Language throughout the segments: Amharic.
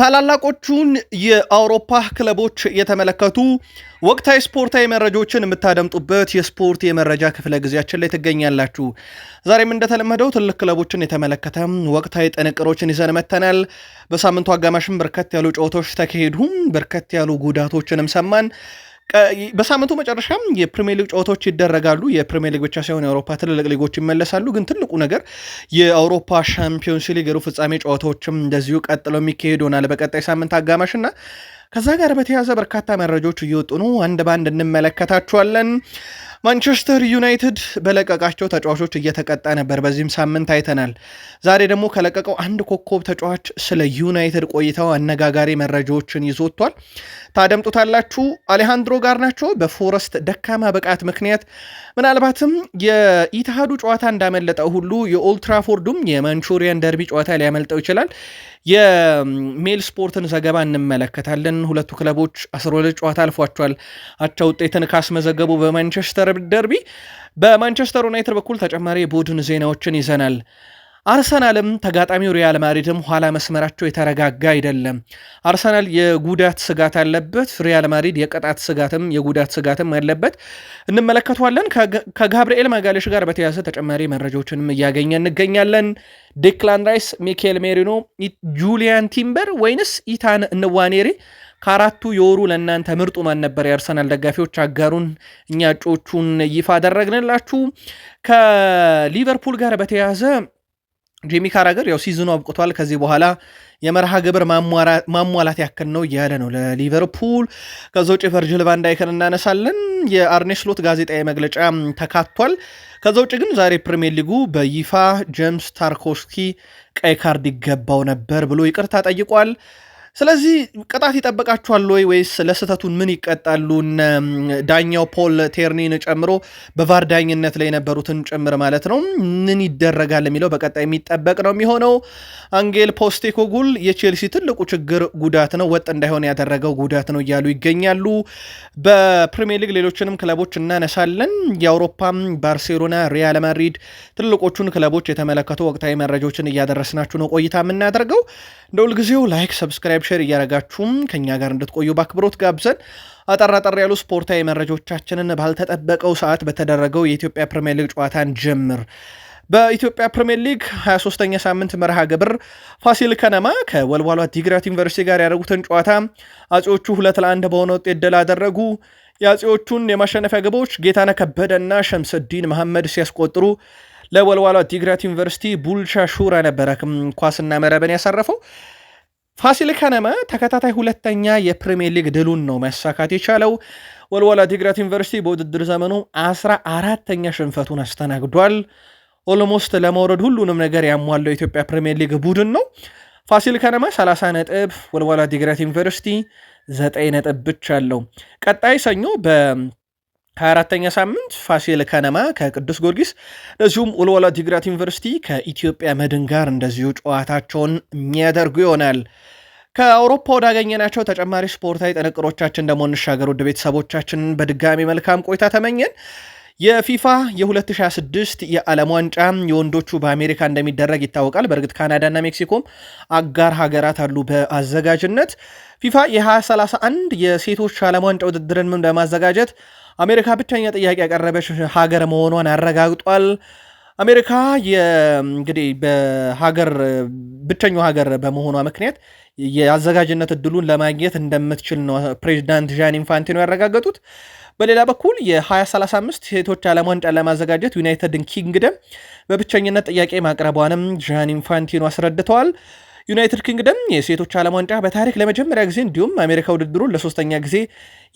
ታላላቆቹን የአውሮፓ ክለቦች የተመለከቱ ወቅታዊ ስፖርታዊ መረጃዎችን የምታደምጡበት የስፖርት የመረጃ ክፍለ ጊዜያችን ላይ ትገኛላችሁ። ዛሬም እንደተለመደው ትልቅ ክለቦችን የተመለከተ ወቅታዊ ጥንቅሮችን ይዘን መተናል። በሳምንቱ አጋማሽም በርከት ያሉ ጨዋታዎች ተካሄዱ፣ በርከት ያሉ ጉዳቶችንም ሰማን። በሳምንቱ መጨረሻም የፕሪሚየር ሊግ ጨዋታዎች ይደረጋሉ። የፕሪሚየር ሊግ ብቻ ሳይሆን የአውሮፓ ትልልቅ ሊጎች ይመለሳሉ። ግን ትልቁ ነገር የአውሮፓ ሻምፒዮንስ ሊግ ሩብ ፍጻሜ ጨዋታዎችም እንደዚሁ ቀጥለው የሚካሄድ ይሆናል በቀጣይ ሳምንት አጋማሽና ከዛ ጋር በተያያዘ በርካታ መረጃዎች እየወጡ ነው። አንድ በአንድ እንመለከታችኋለን። ማንቸስተር ዩናይትድ በለቀቃቸው ተጫዋቾች እየተቀጣ ነበር። በዚህም ሳምንት አይተናል። ዛሬ ደግሞ ከለቀቀው አንድ ኮከብ ተጫዋች ስለ ዩናይትድ ቆይታው አነጋጋሪ መረጃዎችን ይዞቷል። ታደምጡታላችሁ። አሌሃንድሮ ጋርናቾ በፎረስት ደካማ ብቃት ምክንያት ምናልባትም የኢትሃዱ ጨዋታ እንዳመለጠው ሁሉ የኦልትራፎርዱም የማንቹሪያን ደርቢ ጨዋታ ሊያመልጠው ይችላል። የሜል ስፖርትን ዘገባ እንመለከታለን። ሁለቱ ክለቦች አስራ ጨዋታ አልፏቸዋል። አቻ ውጤትን ካስመዘገቡ በማንቸስተር ደርቢ በማንቸስተር ዩናይትድ በኩል ተጨማሪ የቡድን ዜናዎችን ይዘናል። አርሰናልም ተጋጣሚው ሪያል ማድሪድም ኋላ መስመራቸው የተረጋጋ አይደለም። አርሰናል የጉዳት ስጋት አለበት፣ ሪያል ማድሪድ የቅጣት ስጋትም የጉዳት ስጋትም አለበት። እንመለከተዋለን። ከጋብርኤል ማጋሌሽ ጋር በተያያዘ ተጨማሪ መረጃዎችንም እያገኘ እንገኛለን። ዴክላን ራይስ፣ ሚካኤል ሜሪኖ፣ ጁሊያን ቲምበር ወይንስ ኢታን እንዋኔሪ? ከአራቱ የወሩ ለእናንተ ምርጡ ማን ነበር? የአርሰናል ደጋፊዎች አጋሩን እኛ እጩዎቹን ይፋ አደረግንላችሁ። ከሊቨርፑል ጋር በተያያዘ ጄሚ ካራገር ያው ሲዝኑ አብቅቷል። ከዚህ በኋላ የመርሃ ግብር ማሟላት ያክል ነው እያለ ነው ለሊቨርፑል። ከዛ ውጭ ቨርጅል ቫንዳይከን እናነሳለን። የአርኔ ስሎት ጋዜጣዊ መግለጫ ተካቷል። ከዛ ውጭ ግን ዛሬ ፕሪሚየር ሊጉ በይፋ ጄምስ ታርኮስኪ ቀይ ካርድ ይገባው ነበር ብሎ ይቅርታ ጠይቋል። ስለዚህ ቅጣት ይጠበቃችኋል ወይ ወይስ ለስህተቱን ምን ይቀጣሉ? ዳኛው ፖል ቴርኒን ጨምሮ በቫር ዳኝነት ላይ የነበሩትን ጭምር ማለት ነው። ምን ይደረጋል የሚለው በቀጣይ የሚጠበቅ ነው የሚሆነው። አንጌል ፖስቴኮግሉ የቼልሲ ትልቁ ችግር ጉዳት ነው፣ ወጥ እንዳይሆን ያደረገው ጉዳት ነው እያሉ ይገኛሉ። በፕሪሚየር ሊግ ሌሎችንም ክለቦች እናነሳለን። የአውሮፓም ባርሴሎና፣ ሪያል ማድሪድ ትልቆቹን ክለቦች የተመለከቱ ወቅታዊ መረጃዎችን እያደረስናችሁ ነው ቆይታ የምናደርገው እንደ ሁልጊዜው ላይክ፣ ሰብስክራይብ ሰብስክራይብ፣ ሼር እያረጋችሁም ከእኛ ጋር እንድትቆዩ በአክብሮት ጋብዘን አጠር አጠር ያሉ ስፖርታዊ መረጃዎቻችንን ባልተጠበቀው ሰዓት በተደረገው የኢትዮጵያ ፕሪምየር ሊግ ጨዋታን ጀምር። በኢትዮጵያ ፕሪምየር ሊግ 23ኛ ሳምንት መርሃ ግብር ፋሲል ከነማ ከወልዋሏ ዲግራት ዩኒቨርሲቲ ጋር ያደረጉትን ጨዋታ አጼዎቹ ሁለት ለአንድ በሆነ ውጤት ድል አደረጉ። የአጼዎቹን የማሸነፊያ ግቦች ጌታነህ ከበደና ሸምሰዲን መሐመድ ሲያስቆጥሩ ለወልዋሏ ዲግራት ዩኒቨርሲቲ ቡልቻ ሹራ ነበረ ኳስና መረብን ያሳረፈው። ፋሲል ከነመ ተከታታይ ሁለተኛ የፕሪሚየር ሊግ ድሉን ነው መሳካት የቻለው። ወልዋላ ዲግራት ዩኒቨርሲቲ በውድድር ዘመኑ አስራ አራተኛ ሽንፈቱን አስተናግዷል። ኦልሞስት ለመውረድ ሁሉንም ነገር ያሟለው የኢትዮጵያ ፕሪሚየር ሊግ ቡድን ነው። ፋሲል ከነማ 30 ነጥብ፣ ወልዋላ ዲግራት ዩኒቨርሲቲ 9 ነጥብ ብቻ አለው። ቀጣይ ሰኞ በ 24ተኛ ሳምንት ፋሲል ከነማ ከቅዱስ ጊዮርጊስ እንደዚሁም ወልዋሎ ዲግራት ዩኒቨርሲቲ ከኢትዮጵያ መድን ጋር እንደዚሁ ጨዋታቸውን የሚያደርጉ ይሆናል። ከአውሮፓ ወዳገኘናቸው ተጨማሪ ስፖርታዊ ጥንቅሮቻችን ደግሞ እንሻገር። ውድ ቤተሰቦቻችን በድጋሚ መልካም ቆይታ ተመኘን። የፊፋ የ2026 የዓለም ዋንጫ የወንዶቹ በአሜሪካ እንደሚደረግ ይታወቃል። በእርግጥ ካናዳና ሜክሲኮም አጋር ሀገራት አሉ በአዘጋጅነት ፊፋ የ2031 የሴቶች ዓለም ዋንጫ ውድድርን ለማዘጋጀት አሜሪካ ብቸኛ ጥያቄ ያቀረበች ሀገር መሆኗን አረጋግጧል። አሜሪካ እንግዲህ በሀገር ብቸኛው ሀገር በመሆኗ ምክንያት የአዘጋጅነት እድሉን ለማግኘት እንደምትችል ነው ፕሬዚዳንት ዣን ኢንፋንቲኖ ያረጋገጡት። በሌላ በኩል የ2035 ሴቶች ዓለም ዋንጫ ለማዘጋጀት ዩናይትድን ኪንግደም በብቸኝነት ጥያቄ ማቅረቧንም ዣን ኢንፋንቲኖ አስረድተዋል። ዩናይትድ ኪንግደም የሴቶች ዓለም ዋንጫ በታሪክ ለመጀመሪያ ጊዜ እንዲሁም አሜሪካ ውድድሩን ለሶስተኛ ጊዜ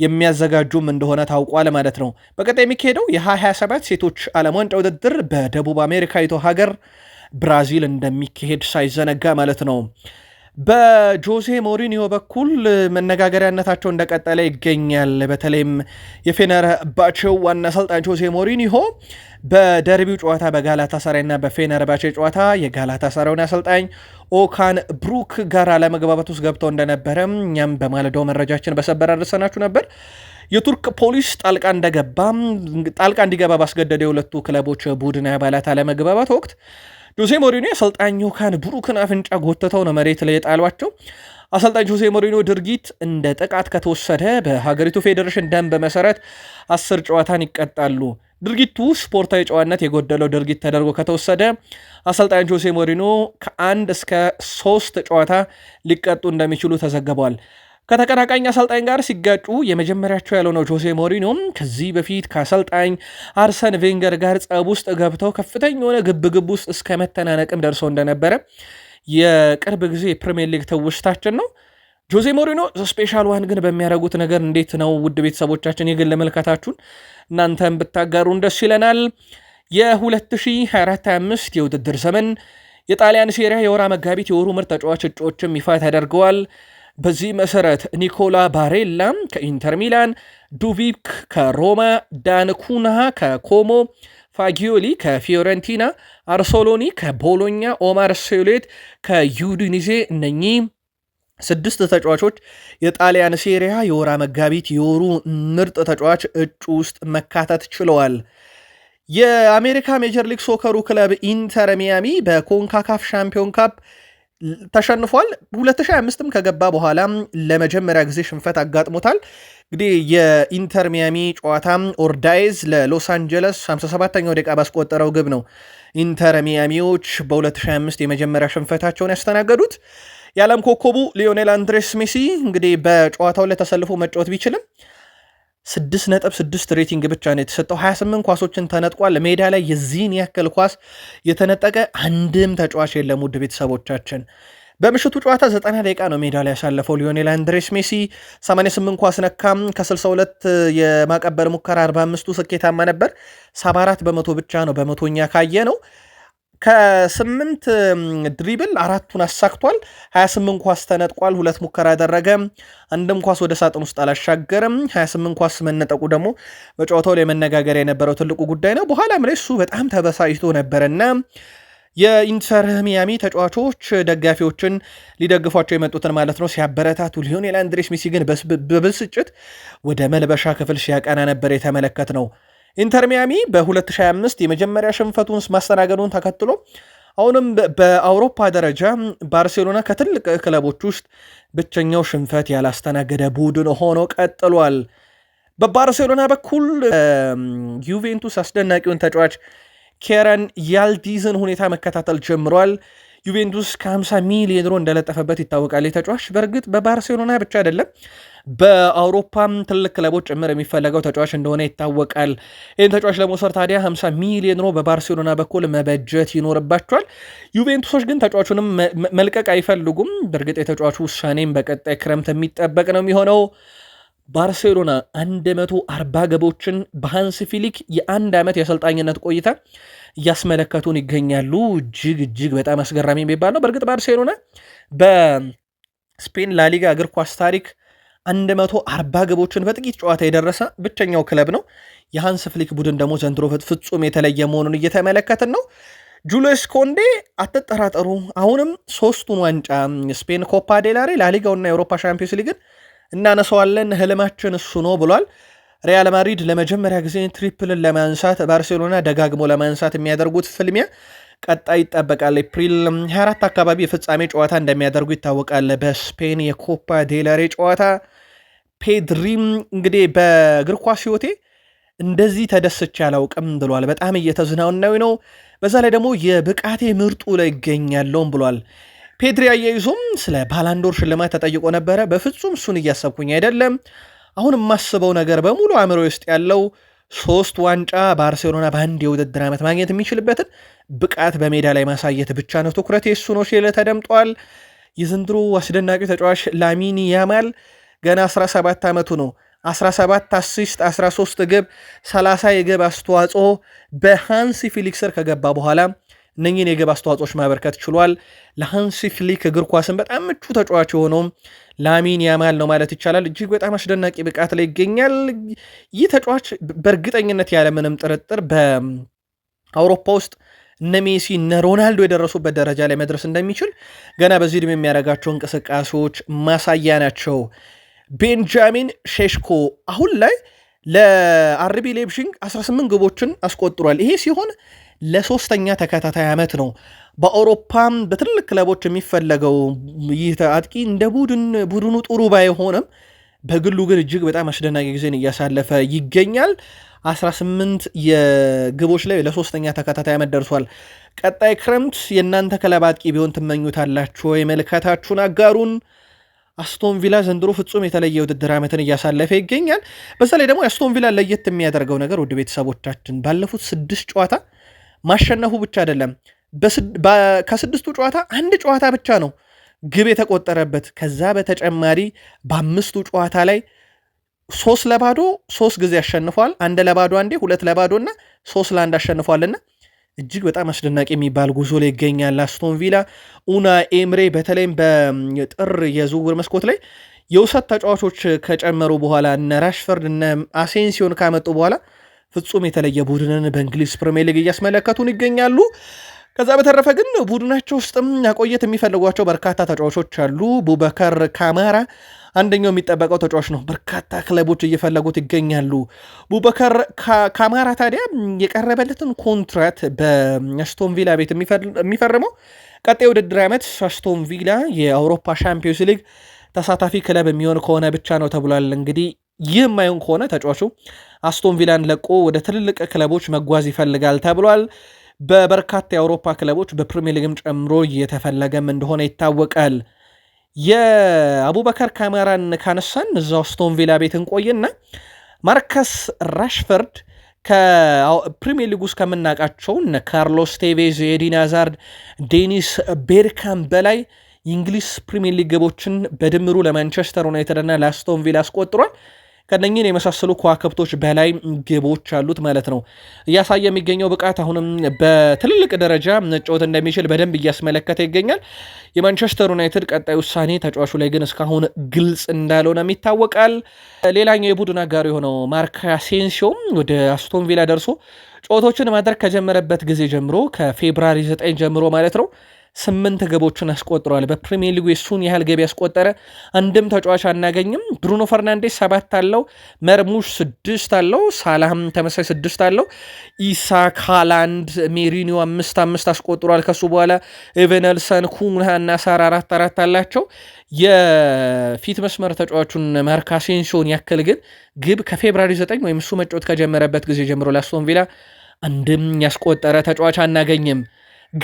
የሚያዘጋጁም እንደሆነ ታውቋል ማለት ነው። በቀጣይ የሚካሄደው የ2027 ሴቶች ዓለም ዋንጫ ውድድር በደቡብ አሜሪካዊቷ ሀገር ብራዚል እንደሚካሄድ ሳይዘነጋ ማለት ነው። በጆሴ ሞሪኒዮ በኩል መነጋገሪያነታቸው እንደቀጠለ ይገኛል። በተለይም የፌነርባቸው ዋና አሰልጣኝ ጆሴ ሞሪኒሆ በደርቢው ጨዋታ በጋላታ ሰራይና በፌነርባቼ ጨዋታ የጋላታ ሰራውን አሰልጣኝ ኦካን ብሩክ ጋር አለመግባባት ውስጥ ገብተው እንደነበረ እኛም በማለዳው መረጃችን በሰበር አድርሰናችሁ ነበር። የቱርክ ፖሊስ ጣልቃ እንደገባ ጣልቃ እንዲገባ ባስገደደ የሁለቱ ክለቦች ቡድን አባላት አለመግባባት ወቅት ጆሴ ሞሪኒዮ የአሰልጣኝ ዮካን ብሩክን አፍንጫ ጎትተው ነው መሬት ላይ የጣሏቸው። አሰልጣኝ ጆሴ ሞሪኒዮ ድርጊት እንደ ጥቃት ከተወሰደ በሀገሪቱ ፌዴሬሽን ደንብ መሰረት አስር ጨዋታን ይቀጣሉ። ድርጊቱ ስፖርታዊ ጨዋነት የጎደለው ድርጊት ተደርጎ ከተወሰደ አሰልጣኝ ጆሴ ሞሪኒዮ ከአንድ እስከ ሶስት ጨዋታ ሊቀጡ እንደሚችሉ ተዘግቧል። ከተቀናቃኝ አሰልጣኝ ጋር ሲጋጩ የመጀመሪያቸው ያልሆነው ጆሴ ሞሪኖ ከዚህ በፊት ከአሰልጣኝ አርሰን ቬንገር ጋር ጸብ ውስጥ ገብተው ከፍተኛ የሆነ ግብግብ ውስጥ እስከ መተናነቅም ደርሶ እንደነበረ የቅርብ ጊዜ የፕሪሚየር ሊግ ትውስታችን ነው። ጆዜ ሞሪኖ ስፔሻል ዋን ግን በሚያደርጉት ነገር እንዴት ነው? ውድ ቤተሰቦቻችን የግል መልከታችሁን እናንተም ብታጋሩን ደስ ይለናል። የ2024/25 የውድድር ዘመን የጣሊያን ሴሪያ የወራ መጋቢት የወሩ ምርጥ ተጫዋች እጩዎችም ይፋ ተደርገዋል። በዚህ መሰረት ኒኮላ ባሬላ ከኢንተር ሚላን፣ ዱቪክ ከሮማ፣ ዳንኩንሃ ከኮሞ፣ ፋጊዮሊ ከፊዮረንቲና፣ አርሶሎኒ ከቦሎኛ፣ ኦማር ሴሌት ከዩዲኒዜ እነኚህ ስድስት ተጫዋቾች የጣሊያን ሴሪያ የወራ መጋቢት የወሩ ምርጥ ተጫዋች እጩ ውስጥ መካተት ችለዋል። የአሜሪካ ሜጀር ሊግ ሶከሩ ክለብ ኢንተር ሚያሚ በኮንካካፍ ሻምፒዮን ካፕ ተሸንፏል። 2025ም ከገባ በኋላ ለመጀመሪያ ጊዜ ሽንፈት አጋጥሞታል። እንግዲህ የኢንተር ሚያሚ ጨዋታ ኦርዳይዝ ለሎስ አንጀለስ 57ኛው ደቂቃ ባስቆጠረው ግብ ነው ኢንተር ሚያሚዎች በ2025 የመጀመሪያ ሽንፈታቸውን ያስተናገዱት። የዓለም ኮከቡ ሊዮኔል አንድሬስ ሜሲ እንግዲህ በጨዋታው ላይ ተሰልፎ መጫወት ቢችልም ነጥብ ስድስት ሬቲንግ ብቻ ነው የተሰጠው። 28 ኳሶችን ተነጥቋል። ሜዳ ላይ የዚህን ያክል ኳስ የተነጠቀ አንድም ተጫዋች የለም። ውድ ቤተሰቦቻችን በምሽቱ ጨዋታ 90 ደቂቃ ነው ሜዳ ላይ ያሳለፈው ሊዮኔል አንድሬስ ሜሲ 88 ኳስ ነካም፣ ከ62 የማቀበል ሙከራ 45ቱ ስኬታማ ነበር። 74 በመቶ ብቻ ነው በመቶኛ ካየ ነው ከስምንት ድሪብል አራቱን አሳክቷል። 28 ኳስ ተነጥቋል። ሁለት ሙከራ ያደረገ አንድም ኳስ ወደ ሳጥን ውስጥ አላሻገርም። 28 ኳስ መነጠቁ ደግሞ በጨዋታው ላይ መነጋገር የነበረው ትልቁ ጉዳይ ነው። በኋላም ላይ እሱ በጣም ተበሳጭቶ ነበረና የኢንተር ሚያሚ ተጫዋቾች ደጋፊዎችን ሊደግፏቸው የመጡትን ማለት ነው ሲያበረታቱ፣ ሊዮኔል አንድሬስ ሜሲ ግን በብስጭት ወደ መልበሻ ክፍል ሲያቀና ነበር የተመለከት ነው። ኢንተር ሚያሚ በ2025 የመጀመሪያ ሽንፈቱን ማስተናገዱን ተከትሎ አሁንም በአውሮፓ ደረጃ ባርሴሎና ከትልቅ ክለቦች ውስጥ ብቸኛው ሽንፈት ያላስተናገደ ቡድን ሆኖ ቀጥሏል። በባርሴሎና በኩል ዩቬንቱስ አስደናቂውን ተጫዋች ኬረን ያልዲዝን ሁኔታ መከታተል ጀምሯል። ዩቬንቱስ ከ50 ሚሊዮን ዩሮ እንደለጠፈበት ይታወቃል። የተጫዋች በእርግጥ በባርሴሎና ብቻ አይደለም በአውሮፓም ትልቅ ክለቦች ጭምር የሚፈለገው ተጫዋች እንደሆነ ይታወቃል። ይህን ተጫዋች ለመውሰድ ታዲያ 50 ሚሊዮን ሮ በባርሴሎና በኩል መበጀት ይኖርባቸዋል። ዩቬንቱሶች ግን ተጫዋቹንም መልቀቅ አይፈልጉም። በእርግጥ የተጫዋቹ ውሳኔም በቀጣይ ክረምት የሚጠበቅ ነው የሚሆነው። ባርሴሎና 140 ገቦችን በሃንስ ፊሊክ የአንድ ዓመት የአሰልጣኝነት ቆይታ እያስመለከቱን ይገኛሉ። እጅግ እጅግ በጣም አስገራሚ የሚባል ነው። በእርግጥ ባርሴሎና በስፔን ላሊጋ እግር ኳስ ታሪክ 140 ግቦችን በጥቂት ጨዋታ የደረሰ ብቸኛው ክለብ ነው። የሃንስ ፍሊክ ቡድን ደግሞ ዘንድሮ ፍጹም የተለየ መሆኑን እየተመለከትን ነው። ጁልስ ኮንዴ አትጠራጠሩ፣ አሁንም ሶስቱን ዋንጫ ስፔን ኮፓ ዴላሬ፣ ላሊጋውና የአውሮፓ ሻምፒዮንስ ሊግን እናነሰዋለን ህልማችን እሱ ነው ብሏል። ሪያል ማድሪድ ለመጀመሪያ ጊዜ ትሪፕልን ለማንሳት ባርሴሎና ደጋግሞ ለማንሳት የሚያደርጉት ፍልሚያ ቀጣይ ይጠበቃል። ኤፕሪል 24 አካባቢ የፍጻሜ ጨዋታ እንደሚያደርጉ ይታወቃል። በስፔን የኮፓ ዴላሬ ጨዋታ ፔድሪም እንግዲህ በእግር ኳስ ህይወቴ እንደዚህ ተደስቼ አላውቅም ብሏል። በጣም እየተዝናናዊ ነው። በዛ ላይ ደግሞ የብቃቴ ምርጡ ላይ ይገኛለውም ብሏል። ፔድሪ አያይዞም ስለ ባላንዶር ሽልማት ተጠይቆ ነበረ። በፍጹም እሱን እያሰብኩኝ አይደለም። አሁን የማስበው ነገር በሙሉ አእምሮ ውስጥ ያለው ሶስት ዋንጫ ባርሴሎና በአንድ የውድድር ዓመት ማግኘት የሚችልበትን ብቃት በሜዳ ላይ ማሳየት ብቻ ነው ትኩረት የሱ ነው ሲል ተደምጧል። የዘንድሮ አስደናቂ ተጫዋች ላሚኒ ያማል ገና 17 ዓመቱ ነው። 17 አሲስት፣ 13 ግብ፣ 30 የግብ አስተዋጽኦ በሃንሲ ፊሊክ ስር ከገባ በኋላ እነኚህን የግብ አስተዋጽኦች ማበርከት ችሏል። ለሃንሲ ፊሊክ እግር ኳስን በጣም ምቹ ተጫዋች የሆነውም ላሚን ያማል ነው ማለት ይቻላል። እጅግ በጣም አስደናቂ ብቃት ላይ ይገኛል። ይህ ተጫዋች በእርግጠኝነት ያለምንም ጥርጥር በአውሮፓ ውስጥ እነ ሜሲ እነ ሮናልዶ የደረሱበት ደረጃ ላይ መድረስ እንደሚችል ገና በዚህ ዕድሜ የሚያደርጋቸው እንቅስቃሴዎች ማሳያ ናቸው። ቤንጃሚን ሼሽኮ አሁን ላይ ለአርቢ ሌብሽንግ 18 ግቦችን አስቆጥሯል። ይሄ ሲሆን ለሶስተኛ ተከታታይ ዓመት ነው። በአውሮፓም በትልቅ ክለቦች የሚፈለገው ይህ አጥቂ እንደ ቡድን ቡድኑ ጥሩ ባይሆንም በግሉ ግን እጅግ በጣም አስደናቂ ጊዜን እያሳለፈ ይገኛል። 18 የግቦች ላይ ለሶስተኛ ተከታታይ ዓመት ደርሷል። ቀጣይ ክረምት የእናንተ ክለብ አጥቂ ቢሆን ትመኙታላችሁ? መልከታችሁን አጋሩን። አስቶን ቪላ ዘንድሮ ፍጹም የተለየ ውድድር ዓመትን እያሳለፈ ይገኛል። በዛ ላይ ደግሞ የአስቶን ቪላ ለየት የሚያደርገው ነገር ውድ ቤተሰቦቻችን ባለፉት ስድስት ጨዋታ ማሸነፉ ብቻ አይደለም፣ ከስድስቱ ጨዋታ አንድ ጨዋታ ብቻ ነው ግብ የተቆጠረበት። ከዛ በተጨማሪ በአምስቱ ጨዋታ ላይ ሶስት ለባዶ ሶስት ጊዜ አሸንፏል። አንድ ለባዶ አንዴ፣ ሁለት ለባዶ እና ሶስት ለአንድ አሸንፏልና እጅግ በጣም አስደናቂ የሚባል ጉዞ ላይ ይገኛል አስቶን ቪላ። ኡና ኤምሬ በተለይም በጥር የዝውውር መስኮት ላይ የውሰት ተጫዋቾች ከጨመሩ በኋላ እነ ራሽፈርድ እነ አሴንሲዮን ካመጡ በኋላ ፍጹም የተለየ ቡድንን በእንግሊዝ ፕሪሚየር ሊግ እያስመለከቱን ይገኛሉ። ከዛ በተረፈ ግን ቡድናቸው ውስጥም ያቆየት የሚፈልጓቸው በርካታ ተጫዋቾች አሉ። ቡበከር ካማራ አንደኛው የሚጠበቀው ተጫዋች ነው። በርካታ ክለቦች እየፈለጉት ይገኛሉ። ቡበከር ካማራ ታዲያ የቀረበለትን ኮንትራት በአስቶን ቪላ ቤት የሚፈርመው ቀጣይ ውድድር ዓመት አስቶን ቪላ የአውሮፓ ሻምፒዮንስ ሊግ ተሳታፊ ክለብ የሚሆን ከሆነ ብቻ ነው ተብሏል። እንግዲህ ይህ የማይሆን ከሆነ ተጫዋቹ አስቶን ቪላን ለቆ ወደ ትልልቅ ክለቦች መጓዝ ይፈልጋል ተብሏል። በበርካታ የአውሮፓ ክለቦች በፕሪሚየር ሊግም ጨምሮ እየተፈለገም እንደሆነ ይታወቃል። የአቡበከር ካሜራን ካነሳን እዛው አስቶን ቪላ ቤት እንቆይና ማርከስ ራሽፈርድ ከፕሪሚየር ሊግ ውስጥ ከምናውቃቸውን ካርሎስ ቴቬዝ፣ ኤዲን አዛርድ፣ ዴኒስ ቤርካም በላይ የእንግሊዝ ፕሪሚየር ሊግ ግቦችን በድምሩ ለማንቸስተር ዩናይትድ እና ለአስቶን ቪላ አስቆጥሯል። ከነኝን የመሳሰሉ ከዋክብቶች በላይ ግቦች አሉት ማለት ነው። እያሳየ የሚገኘው ብቃት አሁንም በትልልቅ ደረጃ መጫወት እንደሚችል በደንብ እያስመለከተ ይገኛል። የማንቸስተር ዩናይትድ ቀጣይ ውሳኔ ተጫዋቹ ላይ ግን እስካሁን ግልጽ እንዳልሆነም ይታወቃል። ሌላኛው የቡድን አጋሩ የሆነው ማርክ አሴንሲዮም ወደ አስቶን ቪላ ደርሶ ጨዋታዎችን ማድረግ ከጀመረበት ጊዜ ጀምሮ ከፌብራሪ 9 ጀምሮ ማለት ነው ስምንት ግቦችን አስቆጥሯል። በፕሪሚየር ሊጉ የሱን ያህል ግብ ያስቆጠረ አንድም ተጫዋች አናገኝም። ብሩኖ ፈርናንዴስ ሰባት አለው፣ መርሙሽ ስድስት አለው፣ ሳላህም ተመሳይ ስድስት አለው። ኢሳክ፣ ሃላንድ፣ ሜሪኒዮ አምስት አምስት አስቆጥሯል። ከሱ በኋላ ኤቨነልሰን፣ ኩንሃ እና ሳር አራት አራት አላቸው። የፊት መስመር ተጫዋቹን ማርካሴንሾን ያክል ግን ግብ ከፌብራሪ ዘጠኝ ወይም እሱ መጫወት ከጀመረበት ጊዜ ጀምሮ ላስቶን ቪላ አንድም ያስቆጠረ ተጫዋች አናገኝም።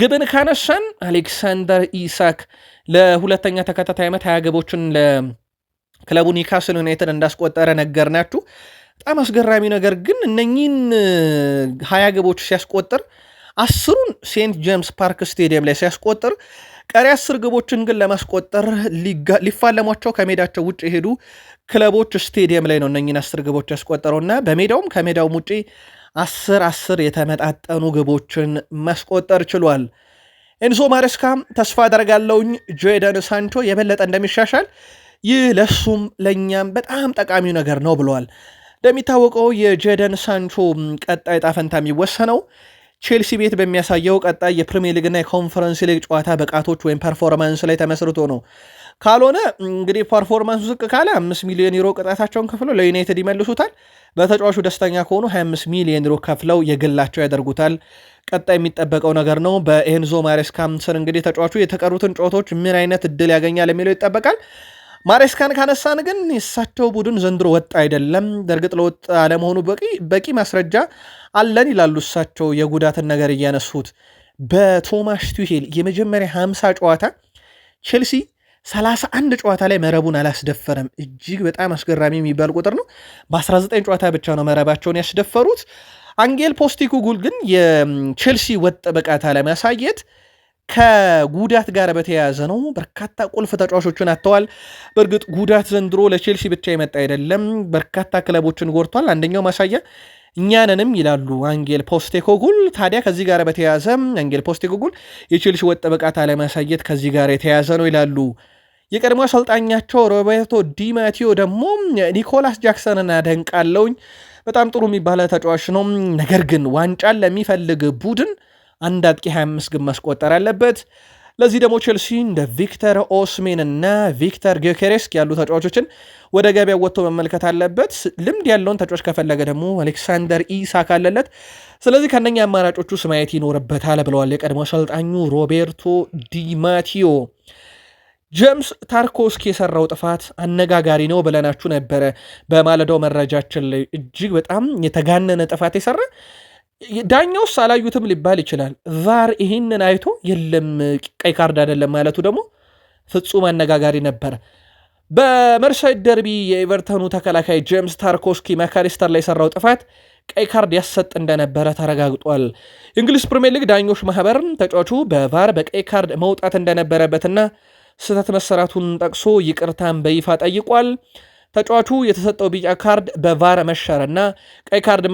ግብን ካነሳን አሌክሳንደር ኢሳክ ለሁለተኛ ተከታታይ ዓመት ሀያ ግቦችን ለክለቡ ኒካስል ዩናይትድ እንዳስቆጠረ ነገር ናችሁ። በጣም አስገራሚ ነገር ግን እነኚህን ሀያ ግቦች ሲያስቆጥር አስሩን ሴንት ጄምስ ፓርክ ስቴዲየም ላይ ሲያስቆጥር ቀሪ አስር ግቦችን ግን ለማስቆጠር ሊፋለሟቸው ከሜዳቸው ውጭ የሄዱ ክለቦች ስቴዲየም ላይ ነው እነኝን አስር ግቦች እና በሜዳውም ከሜዳውም ውጪ አስር አስር የተመጣጠኑ ግቦችን መስቆጠር ችሏል። ኤንዞ ማሬስካ ተስፋ አደርጋለሁኝ ጄደን ሳንቾ የበለጠ እንደሚሻሻል ይህ ለሱም ለእኛም በጣም ጠቃሚ ነገር ነው ብለዋል። እንደሚታወቀው የጄደን ሳንቾ ቀጣይ ጣፈንታ የሚወሰነው ቼልሲ ቤት በሚያሳየው ቀጣይ የፕሪሚየር ሊግና የኮንፈረንስ ሊግ ጨዋታ ብቃቶች ወይም ፐርፎርማንስ ላይ ተመስርቶ ነው። ካልሆነ እንግዲህ ፐርፎርማንሱ ዝቅ ካለ አምስት ሚሊዮን ዩሮ ቅጣታቸውን ከፍለው ለዩናይትድ ይመልሱታል። በተጫዋቹ ደስተኛ ከሆኑ 25 ሚሊዮን ዩሮ ከፍለው የግላቸው ያደርጉታል። ቀጣይ የሚጠበቀው ነገር ነው። በኤንዞ ማሬስካም ስር እንግዲህ ተጫዋቹ የተቀሩትን ጨዋታዎች ምን አይነት እድል ያገኛል የሚለው ይጠበቃል። ማሬስካን ካነሳን ግን የሳቸው ቡድን ዘንድሮ ወጥ አይደለም። እርግጥ ለወጥ አለመሆኑ በቂ ማስረጃ አለን ይላሉ እሳቸው የጉዳትን ነገር እያነሱት። በቶማሽ ቱሄል የመጀመሪያ 50 ጨዋታ ቼልሲ ሰላሳ አንድ ጨዋታ ላይ መረቡን አላስደፈረም። እጅግ በጣም አስገራሚ የሚባል ቁጥር ነው። በ19 ጨዋታ ብቻ ነው መረባቸውን ያስደፈሩት። አንጌል ፖስቴኮግሉ ግን የቼልሲ ወጥ ብቃት አለማሳየት ከጉዳት ጋር በተያያዘ ነው። በርካታ ቁልፍ ተጫዋቾችን አጥተዋል። በእርግጥ ጉዳት ዘንድሮ ለቼልሲ ብቻ የመጣ አይደለም፣ በርካታ ክለቦችን ጎድቷል። አንደኛው ማሳያ እኛንንም ይላሉ አንጌል ፖስቴኮግሉ። ታዲያ ከዚህ ጋር በተያያዘ አንጌል ፖስቴኮግሉ የቼልሲ ወጥ ብቃት አለማሳየት ከዚህ ጋር የተያያዘ ነው ይላሉ። የቀድሞ አሰልጣኛቸው ሮቤርቶ ዲማቴዮ ደግሞ ኒኮላስ ጃክሰንን አደንቃለውኝ። በጣም ጥሩ የሚባለ ተጫዋች ነው። ነገር ግን ዋንጫን ለሚፈልግ ቡድን አንድ አጥቂ 25 ግብ ማስቆጠር አለበት። ለዚህ ደግሞ ቼልሲ እንደ ቪክተር ኦስሜን እና ቪክተር ጌኬሬስክ ያሉ ተጫዋቾችን ወደ ገበያ ወጥቶ መመልከት አለበት። ልምድ ያለውን ተጫዋች ከፈለገ ደግሞ አሌክሳንደር ኢሳክ አለለት። ስለዚህ ከነኛ አማራጮቹ ስማየት ይኖርበታል ብለዋል የቀድሞ አሰልጣኙ ሮቤርቶ ዲማቲዮ። ጀምስ ታርኮስኪ የሰራው ጥፋት አነጋጋሪ ነው ብለናችሁ ነበረ። በማለዳው መረጃችን ላይ እጅግ በጣም የተጋነነ ጥፋት የሰራ ዳኛውስ አላዩትም ሊባል ይችላል። ቫር ይህንን አይቶ የለም ቀይ ካርድ አይደለም ማለቱ ደግሞ ፍጹም አነጋጋሪ ነበረ። በመርሳይድ ደርቢ የኤቨርተኑ ተከላካይ ጄምስ ታርኮስኪ ማካሊስተር ላይ የሰራው ጥፋት ቀይ ካርድ ያሰጥ እንደነበረ ተረጋግጧል። እንግሊዝ ፕሪምየር ሊግ ዳኞች ማህበርም ተጫዋቹ በቫር በቀይ ካርድ መውጣት እንደነበረበትና ስህተት መሰራቱን ጠቅሶ ይቅርታን በይፋ ጠይቋል። ተጫዋቹ የተሰጠው ቢጫ ካርድ በቫር መሸረና ቀይ ካርድ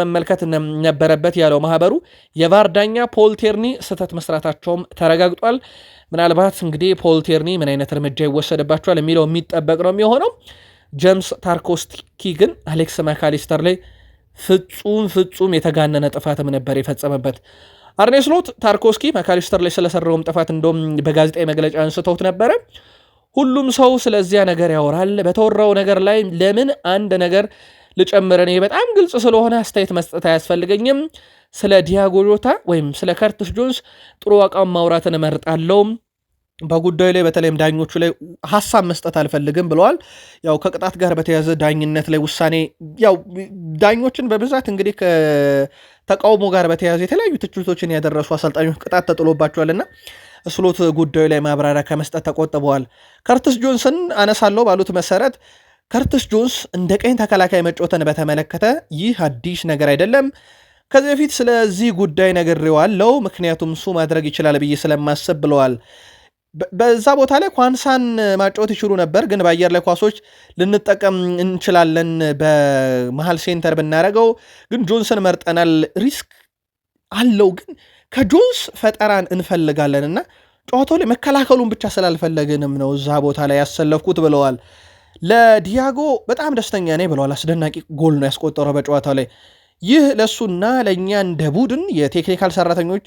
መመልከት ነበረበት ያለው ማህበሩ የቫር ዳኛ ፖል ቴርኒ ስህተት መስራታቸውም ተረጋግጧል። ምናልባት እንግዲህ ፖል ቴርኒ ምን አይነት እርምጃ ይወሰድባቸዋል የሚለው የሚጠበቅ ነው የሚሆነው። ጀምስ ታርኮስኪ ግን አሌክስ ማካሊስተር ላይ ፍጹም ፍጹም የተጋነነ ጥፋትም ነበር የፈጸመበት። አርኔስሎት ታርኮስኪ ማካሊስተር ላይ ስለሰረውም ጥፋት እንደም በጋዜጣዊ መግለጫ አንስተውት ነበረ። ሁሉም ሰው ስለዚያ ነገር ያወራል። በተወራው ነገር ላይ ለምን አንድ ነገር ልጨምር፣ እኔ በጣም ግልጽ ስለሆነ አስተያየት መስጠት አያስፈልገኝም። ስለ ዲያጎ ጆታ ወይም ስለ ከርትስ ጆንስ ጥሩ አቋም ማውራትን እመርጣለሁ። በጉዳዩ ላይ በተለይም ዳኞቹ ላይ ሀሳብ መስጠት አልፈልግም ብለዋል። ያው ከቅጣት ጋር በተያዘ ዳኝነት ላይ ውሳኔ ያው ዳኞችን በብዛት እንግዲህ ከተቃውሞ ጋር በተያዘ የተለያዩ ትችቶችን ያደረሱ አሰልጣኞች ቅጣት ተጥሎባቸዋልና ስሎት ጉዳዩ ላይ ማብራሪያ ከመስጠት ተቆጥበዋል። ከርትስ ጆንስን አነሳለሁ ባሉት መሰረት ከርትስ ጆንስ እንደ ቀኝ ተከላካይ መጫወትን በተመለከተ ይህ አዲስ ነገር አይደለም። ከዚህ በፊት ስለዚህ ጉዳይ ነግሬዋለሁ፣ ምክንያቱም እሱ ማድረግ ይችላል ብዬ ስለማሰብ ብለዋል። በዛ ቦታ ላይ ኳንሳን ማጫወት ይችሉ ነበር፣ ግን በአየር ላይ ኳሶች ልንጠቀም እንችላለን። በመሀል ሴንተር ብናደረገው ግን ጆንሰን መርጠናል። ሪስክ አለው፣ ግን ከጆንስ ፈጠራን እንፈልጋለን እና ጨዋታው ላይ መከላከሉን ብቻ ስላልፈለግንም ነው እዛ ቦታ ላይ ያሰለፍኩት ብለዋል። ለዲያጎ በጣም ደስተኛ ነኝ ብለዋል። አስደናቂ ጎል ነው ያስቆጠረው በጨዋታው ላይ ይህ ለእሱና ለእኛ እንደ ቡድን የቴክኒካል ሰራተኞች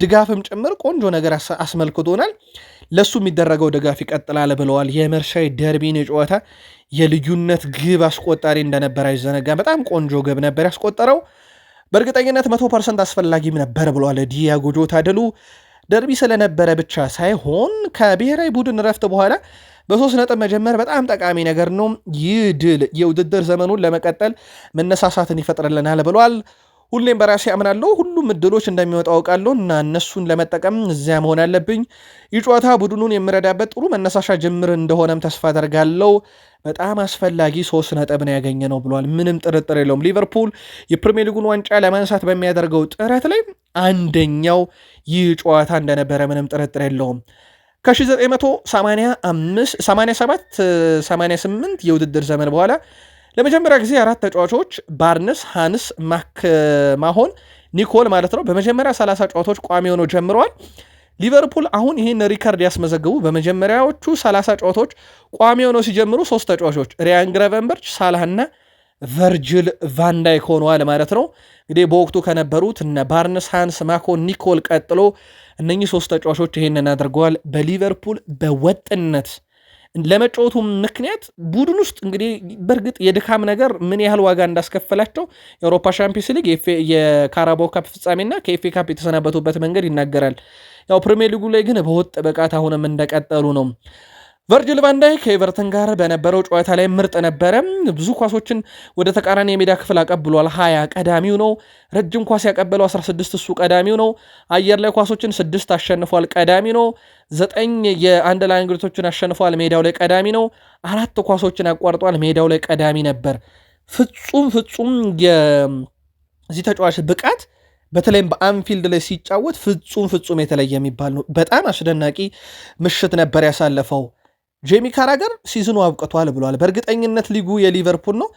ድጋፍም ጭምር ቆንጆ ነገር አስመልክቶናል። ለእሱ የሚደረገው ድጋፍ ይቀጥላል ብለዋል። የመርሳይ ደርቢን ጨዋታ የልዩነት ግብ አስቆጣሪ እንደነበር አይዘነጋ። በጣም ቆንጆ ግብ ነበር ያስቆጠረው። በእርግጠኝነት መቶ ፐርሰንት አስፈላጊም ነበር ብለዋል ዲያጎ ጆታ። ድሉ ደርቢ ስለነበረ ብቻ ሳይሆን ከብሔራዊ ቡድን እረፍት በኋላ በሶስት ነጥብ መጀመር በጣም ጠቃሚ ነገር ነው። ይህ ድል የውድድር ዘመኑን ለመቀጠል መነሳሳትን ይፈጥርልናል ብለዋል። ሁሌም በራሴ አምናለሁ። ሁሉም እድሎች እንደሚወጣ አውቃለሁ እና እነሱን ለመጠቀም እዚያ መሆን አለብኝ። ይህ ጨዋታ ቡድኑን የምረዳበት ጥሩ መነሳሻ ጅምር እንደሆነም ተስፋ አደርጋለሁ። በጣም አስፈላጊ ሶስት ነጥብ ነው ያገኘ ነው ብሏል። ምንም ጥርጥር የለውም ሊቨርፑል የፕሪሚየር ሊጉን ዋንጫ ለማንሳት በሚያደርገው ጥረት ላይ አንደኛው ይህ ጨዋታ እንደነበረ ምንም ጥርጥር የለውም። ከ1985 87 88 የውድድር ዘመን በኋላ ለመጀመሪያ ጊዜ አራት ተጫዋቾች ባርነስ፣ ሃንስ፣ ማክ ማሆን፣ ኒኮል ማለት ነው በመጀመሪያ 30 ጨዋታዎች ቋሚ ሆኖ ጀምረዋል። ሊቨርፑል አሁን ይህን ሪከርድ ያስመዘግቡ በመጀመሪያዎቹ 30 ጨዋታዎች ቋሚ ሆኖ ሲጀምሩ ሶስት ተጫዋቾች ሪያን ግረቨንበርች፣ ሳላህና ቨርጅል ቫንዳይክ ሆነዋል ማለት ነው። እንግዲህ በወቅቱ ከነበሩት እነ ባርነስ፣ ሃንስ ማኮን፣ ኒኮል ቀጥሎ እነኚህ ሶስት ተጫዋቾች ይህንን አድርገዋል። በሊቨርፑል በወጥነት ለመጫወቱም ምክንያት ቡድን ውስጥ እንግዲህ በእርግጥ የድካም ነገር ምን ያህል ዋጋ እንዳስከፈላቸው የአውሮፓ ሻምፒዮንስ ሊግ የካራቦ ካፕ ፍጻሜና ከኤፌ ካፕ የተሰናበቱበት መንገድ ይናገራል። ያው ፕሪሚየር ሊጉ ላይ ግን በወጥ ብቃት አሁንም እንደቀጠሉ ነው። ቨርጅል ቫንዳይክ ከኤቨርተን ጋር በነበረው ጨዋታ ላይ ምርጥ ነበረ። ብዙ ኳሶችን ወደ ተቃራኒ የሜዳ ክፍል አቀብሏል። ሀያ ቀዳሚው ነው። ረጅም ኳስ ያቀበለው 16 እሱ ቀዳሚው ነው። አየር ላይ ኳሶችን ስድስት አሸንፏል። ቀዳሚ ነው። ዘጠኝ የአንድ ላይ እንግሪቶችን አሸንፏል። ሜዳው ላይ ቀዳሚ ነው። አራት ኳሶችን አቋርጧል። ሜዳው ላይ ቀዳሚ ነበር። ፍጹም ፍጹም የዚህ ተጫዋች ብቃት በተለይም በአንፊልድ ላይ ሲጫወት ፍጹም ፍጹም የተለየ የሚባል ነው። በጣም አስደናቂ ምሽት ነበር ያሳለፈው። ጄሚ ካራገር ሲዝኑ አብቅቷል ብሏል። በእርግጠኝነት ሊጉ የሊቨርፑል ነው።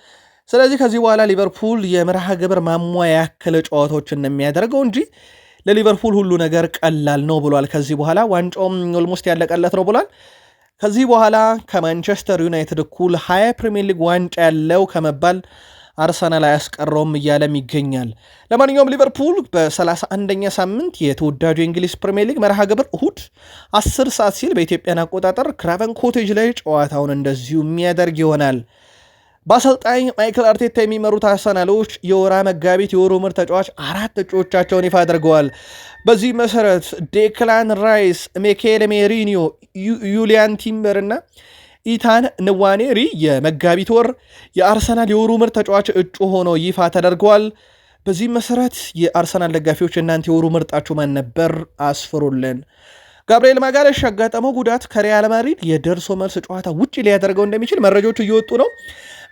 ስለዚህ ከዚህ በኋላ ሊቨርፑል የመርሃ ግብር ማሟ ያከለ ጨዋታዎችን ነው የሚያደርገው እንጂ ለሊቨርፑል ሁሉ ነገር ቀላል ነው ብሏል። ከዚህ በኋላ ዋንጫውም ኦልሞስት ያለቀለት ነው ብሏል። ከዚህ በኋላ ከማንቸስተር ዩናይትድ እኩል ሀያ ፕሪሚየር ሊግ ዋንጫ ያለው ከመባል አርሰናል አያስቀረውም እያለም ይገኛል። ለማንኛውም ሊቨርፑል በ31ኛ ሳምንት የተወዳጁ የእንግሊዝ ፕሪምየር ሊግ መርሃ ግብር እሁድ 10 ሰዓት ሲል በኢትዮጵያን አቆጣጠር ክራቨን ኮቴጅ ላይ ጨዋታውን እንደዚሁ የሚያደርግ ይሆናል። በአሰልጣኝ ማይክል አርቴታ የሚመሩት አርሰናሎች የወራ መጋቢት የወሩ ምርጥ ተጫዋች አራት እጩዎቻቸውን ይፋ አድርገዋል። በዚህ መሰረት ዴክላን ራይስ፣ ሚኬል ሜሪኒዮ፣ ዩሊያን ቲምበር እና ኢታን ንዋኔሪ የመጋቢት ወር የአርሰናል የወሩ ምርጥ ተጫዋች እጩ ሆኖ ይፋ ተደርጓል። በዚህም መሰረት የአርሰናል ደጋፊዎች እናንተ የወሩ ምርጣችሁ ማን ነበር? አስፍሩልን። ጋብርኤል ማጋለሽ ያጋጠመው ጉዳት ከሪያል ማድሪድ የደርሶ መልስ ጨዋታ ውጭ ሊያደርገው እንደሚችል መረጃዎቹ እየወጡ ነው።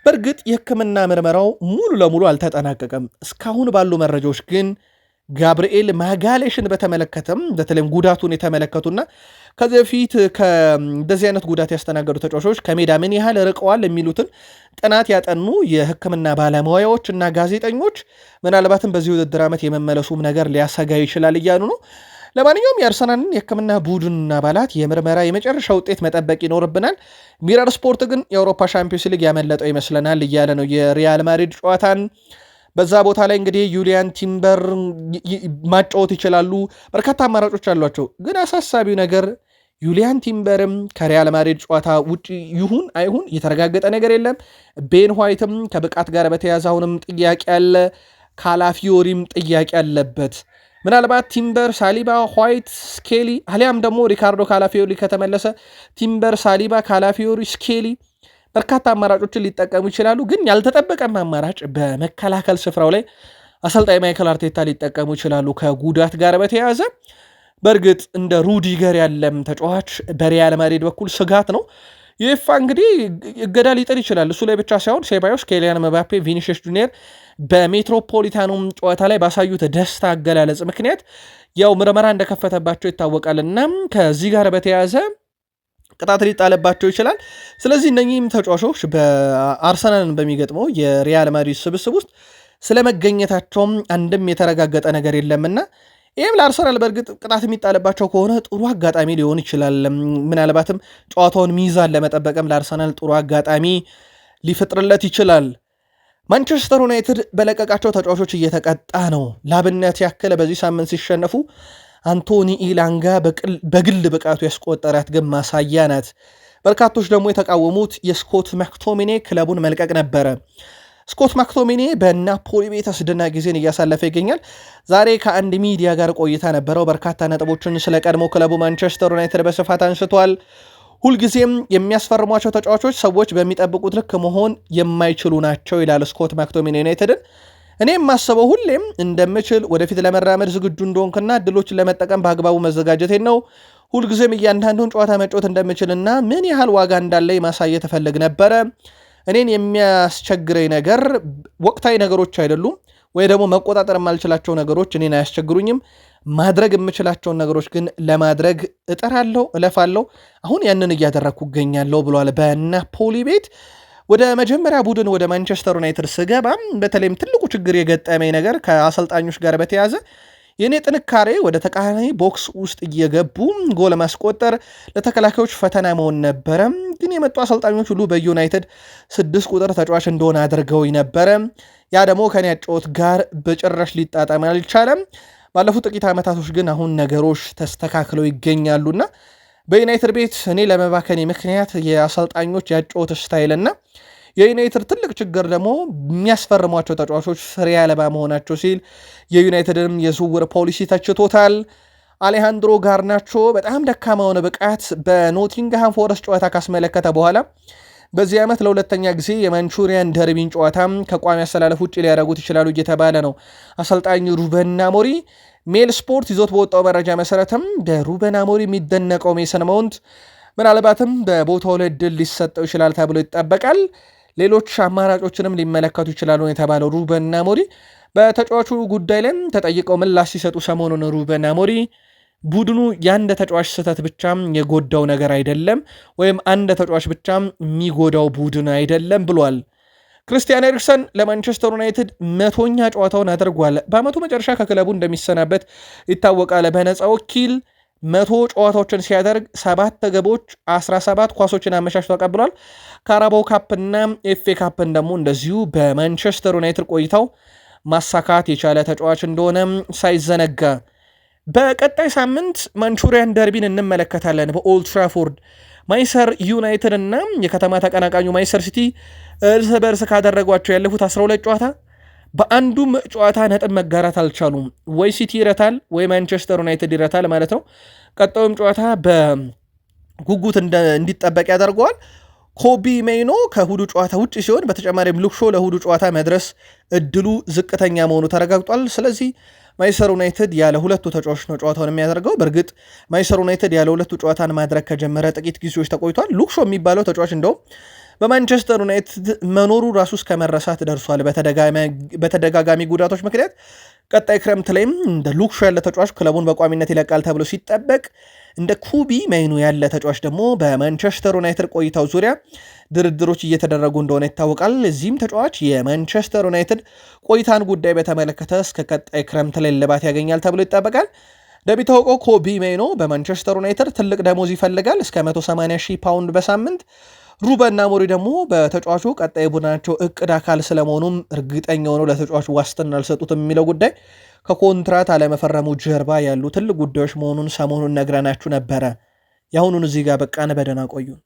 በእርግጥ የሕክምና ምርመራው ሙሉ ለሙሉ አልተጠናቀቀም። እስካሁን ባሉ መረጃዎች ግን ጋብርኤል ማጋሌሽን በተመለከተም በተለይም ጉዳቱን የተመለከቱና ከዚህ በፊት እንደዚህ አይነት ጉዳት ያስተናገዱ ተጫዋቾች ከሜዳ ምን ያህል ርቀዋል የሚሉትን ጥናት ያጠኑ የሕክምና ባለሙያዎች እና ጋዜጠኞች ምናልባትም በዚህ ውድድር ዓመት የመመለሱም ነገር ሊያሰጋ ይችላል እያሉ ነው። ለማንኛውም የአርሰናልን የህክምና ቡድን አባላት የምርመራ የመጨረሻ ውጤት መጠበቅ ይኖርብናል። ሚረር ስፖርት ግን የአውሮፓ ሻምፒዮንስ ሊግ ያመለጠው ይመስለናል እያለ ነው የሪያል ማድሪድ ጨዋታን በዛ ቦታ ላይ እንግዲህ ዩሊያን ቲምበር ማጫወት ይችላሉ። በርካታ አማራጮች አሏቸው። ግን አሳሳቢው ነገር ዩሊያን ቲምበርም ከሪያል ማድሪድ ጨዋታ ውጭ ይሁን አይሁን የተረጋገጠ ነገር የለም። ቤን ዋይትም ከብቃት ጋር በተያያዘ አሁንም ጥያቄ አለ። ካላፊዮሪም ጥያቄ አለበት። ምናልባት ቲምበር፣ ሳሊባ፣ ዋይት፣ ስኬሊ አሊያም ደግሞ ሪካርዶ ካላፊዮሪ ከተመለሰ ቲምበር፣ ሳሊባ፣ ካላፊዮሪ፣ ስኬሊ በርካታ አማራጮችን ሊጠቀሙ ይችላሉ። ግን ያልተጠበቀም አማራጭ በመከላከል ስፍራው ላይ አሰልጣኝ ማይክል አርቴታ ሊጠቀሙ ይችላሉ ከጉዳት ጋር በተያያዘ በእርግጥ እንደ ሩዲገር ያለም ተጫዋች በሪያል ማድሪድ በኩል ስጋት ነው። ይፋ እንግዲህ እገዳ ሊጥል ይችላል። እሱ ላይ ብቻ ሳይሆን ሴባዮስ፣ ኬሊያን መባፔ፣ ቪኒሽስ ጁኒየር በሜትሮፖሊታኑም ጨዋታ ላይ ባሳዩት ደስታ አገላለጽ ምክንያት ያው ምርመራ እንደከፈተባቸው ይታወቃል እና ከዚህ ጋር በተያያዘ ቅጣት ሊጣለባቸው ይችላል። ስለዚህ እነኚህም ተጫዋቾች በአርሰናልን በሚገጥመው የሪያል ማድሪድ ስብስብ ውስጥ ስለመገኘታቸውም አንድም የተረጋገጠ ነገር የለምና ይህም ለአርሰናል በእርግጥ ቅጣት የሚጣልባቸው ከሆነ ጥሩ አጋጣሚ ሊሆን ይችላል። ምናልባትም ጨዋታውን ሚዛን ለመጠበቅም ለአርሰናል ጥሩ አጋጣሚ ሊፈጥርለት ይችላል። ማንቸስተር ዩናይትድ በለቀቃቸው ተጫዋቾች እየተቀጣ ነው። ላብነት ያክል በዚህ ሳምንት ሲሸነፉ አንቶኒ ኢላንጋ በግል ብቃቱ ያስቆጠራት ግን ማሳያ ናት። በርካቶች ደግሞ የተቃወሙት የስኮት ማክቶሚኔ ክለቡን መልቀቅ ነበረ። ስኮት ማክቶሚኔ በናፖሊ ቤት አስደናቂ ጊዜን እያሳለፈ ይገኛል። ዛሬ ከአንድ ሚዲያ ጋር ቆይታ ነበረው። በርካታ ነጥቦችን ስለ ቀድሞ ክለቡ ማንቸስተር ዩናይትድ በስፋት አንስቷል። ሁልጊዜም የሚያስፈርሟቸው ተጫዋቾች ሰዎች በሚጠብቁት ልክ መሆን የማይችሉ ናቸው ይላል ስኮት ማክቶሚኔ ዩናይትድን እኔ የማስበው ሁሌም እንደምችል ወደፊት ለመራመድ ዝግጁ እንደሆንክና እድሎችን ለመጠቀም በአግባቡ መዘጋጀቴን ነው። ሁልጊዜም እያንዳንዱን ጨዋታ መጫወት እንደምችልና ምን ያህል ዋጋ እንዳለ ማሳየት እፈልግ ነበረ። እኔን የሚያስቸግረኝ ነገር ወቅታዊ ነገሮች አይደሉም ወይ ደግሞ መቆጣጠር የማልችላቸው ነገሮች እኔን አያስቸግሩኝም። ማድረግ የምችላቸውን ነገሮች ግን ለማድረግ እጠራለሁ፣ እለፋለሁ። አሁን ያንን እያደረግኩ እገኛለሁ ብሏል በናፖሊ ቤት ወደ መጀመሪያ ቡድን ወደ ማንቸስተር ዩናይትድ ስገባ በተለይም ትልቁ ችግር የገጠመኝ ነገር ከአሰልጣኞች ጋር በተያዘ የእኔ ጥንካሬ ወደ ተቃራኒ ቦክስ ውስጥ እየገቡ ጎል ማስቆጠር ለተከላካዮች ፈተና መሆን ነበረ። ግን የመጡ አሰልጣኞች ሁሉ በዩናይትድ ስድስት ቁጥር ተጫዋች እንደሆነ አድርገው ነበረ። ያ ደግሞ ከኔ አጨዋወት ጋር በጭራሽ ሊጣጣም አልቻለም። ባለፉት ጥቂት ዓመታቶች ግን አሁን ነገሮች ተስተካክለው ይገኛሉና በዩናይትድ ቤት እኔ ለመባከኔ ምክንያት የአሰልጣኞች ያጨዋወት ስታይልና የዩናይትድ ትልቅ ችግር ደግሞ የሚያስፈርሟቸው ተጫዋቾች ፍሬ አልባ መሆናቸው ሲል የዩናይትድንም የዝውውር ፖሊሲ ተችቶታል። አሌሃንድሮ ጋርናቾ በጣም ደካማ የሆነ ብቃት በኖቲንግሃም ፎረስት ጨዋታ ካስመለከተ በኋላ በዚህ ዓመት ለሁለተኛ ጊዜ የማንቹሪያን ደርቢን ጨዋታ ከቋሚ አሰላለፍ ውጭ ሊያደርጉት ይችላሉ እየተባለ ነው። አሰልጣኝ ሩበን አሞሪም ሜል ስፖርት ይዞት በወጣው መረጃ መሰረትም በሩበን አሞሪ የሚደነቀው ሜሰን ማውንት ምናልባትም በቦታው ላይ ድል ሊሰጠው ይችላል ተብሎ ይጠበቃል። ሌሎች አማራጮችንም ሊመለከቱ ይችላሉ የተባለው ሩበን አሞሪም በተጫዋቹ ጉዳይ ላይም ተጠይቀው ምላሽ ሲሰጡ ሰሞኑን ሩበን አሞሪም ቡድኑ የአንድ ተጫዋች ስህተት ብቻም የጎዳው ነገር አይደለም፣ ወይም አንድ ተጫዋች ብቻም የሚጎዳው ቡድን አይደለም ብሏል። ክርስቲያን ኤሪክሰን ለማንቸስተር ዩናይትድ መቶኛ ጨዋታውን አድርጓል። በአመቱ መጨረሻ ከክለቡ እንደሚሰናበት ይታወቃል። በነፃ ወኪል መቶ ጨዋታዎችን ሲያደርግ ሰባት ተገቦች፣ 17 ኳሶችን አመቻችቶ አቀብሏል። ካራባው ካፕና ኤፌ ካፕን ደግሞ እንደዚሁ በማንቸስተር ዩናይትድ ቆይታው ማሳካት የቻለ ተጫዋች እንደሆነ ሳይዘነጋ በቀጣይ ሳምንት ማንቹሪያን ደርቢን እንመለከታለን። በኦልድ ትራፎርድ ማይሰር ዩናይትድ እና የከተማ ተቀናቃኙ ማይሰር ሲቲ እርስ በእርስ ካደረጓቸው ያለፉት 12 ጨዋታ በአንዱም ጨዋታ ነጥብ መጋራት አልቻሉም። ወይ ሲቲ ይረታል ወይ ማንቸስተር ዩናይትድ ይረታል ማለት ነው። ቀጣዩም ጨዋታ በጉጉት እንዲጠበቅ ያደርገዋል። ኮቢ ሜይኖ ከእሁዱ ጨዋታ ውጭ ሲሆን በተጨማሪም ሉክሾ ለሁዱ ለእሁዱ ጨዋታ መድረስ እድሉ ዝቅተኛ መሆኑ ተረጋግጧል። ስለዚህ ማይሰር ዩናይትድ ያለ ሁለቱ ተጫዋች ነው ጨዋታውን የሚያደርገው። በእርግጥ ማይሰር ዩናይትድ ያለ ሁለቱ ጨዋታን ማድረግ ከጀመረ ጥቂት ጊዜዎች ተቆይቷል። ሉክ የሚባለው ተጫዋች እንደውም በማንቸስተር ዩናይትድ መኖሩ ራሱ እስከ መረሳት ደርሷል። በተደጋጋሚ ጉዳቶች ምክንያት ቀጣይ ክረምት ላይም እንደ ሉክሾ ያለ ተጫዋች ክለቡን በቋሚነት ይለቃል ተብሎ ሲጠበቅ እንደ ኩቢ ማይኑ ያለ ተጫዋች ደግሞ በማንቸስተር ዩናይትድ ቆይታው ዙሪያ ድርድሮች እየተደረጉ እንደሆነ ይታወቃል። እዚህም ተጫዋች የማንቸስተር ዩናይትድ ቆይታን ጉዳይ በተመለከተ እስከ ቀጣይ ክረምት ላይ ልባት ያገኛል ተብሎ ይጠበቃል። እንደሚታወቀው ኮቢ ማይኖ በማንቸስተር ዩናይትድ ትልቅ ደሞዝ ይፈልጋል። እስከ 180 ሺህ ፓውንድ በሳምንት ሩበን አሞሪም ደግሞ በተጫዋቹ ቀጣይ ቡድናቸው እቅድ አካል ስለመሆኑም እርግጠኛ ሆነው ለተጫዋቹ ዋስትና አልሰጡትም የሚለው ጉዳይ ከኮንትራት አለመፈረሙ ጀርባ ያሉ ትልቅ ጉዳዮች መሆኑን ሰሞኑን ነግረናችሁ ነበረ። የአሁኑን እዚህ ጋር በቃን። በደህና ቆዩን።